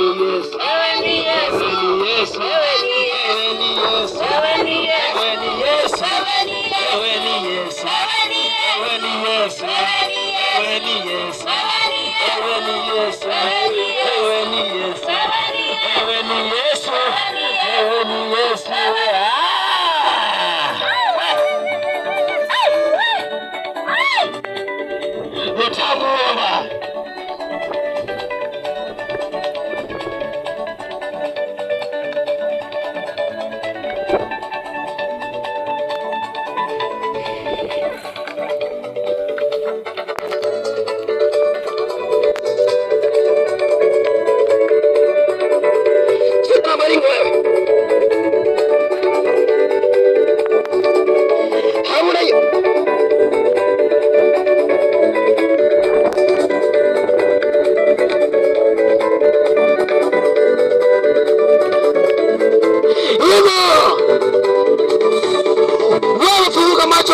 The devil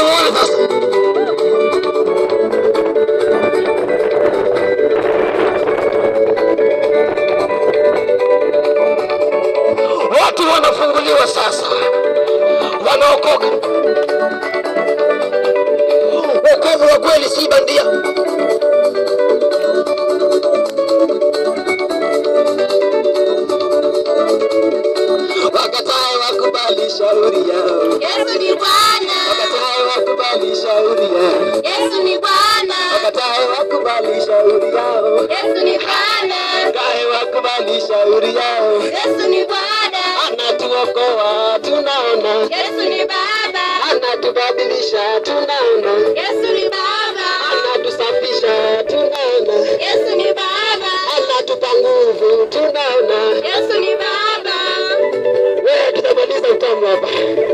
Watu wanafunguliwa sasa, wanaokoka. Wokovu wa kweli si bandia. shauri yao. Yesu ni Bwana, kae wakubali shauri yao. Yesu ni Bwana, anatuokoa tunaona. Yesu ni Baba, anatubadilisha tunaona. Yesu ni Baba, anatusafisha tunaona. Yesu ni Baba, anatupa nguvu tunaona. Yesu ni Baba. Wewe tutamaliza utamu hapa.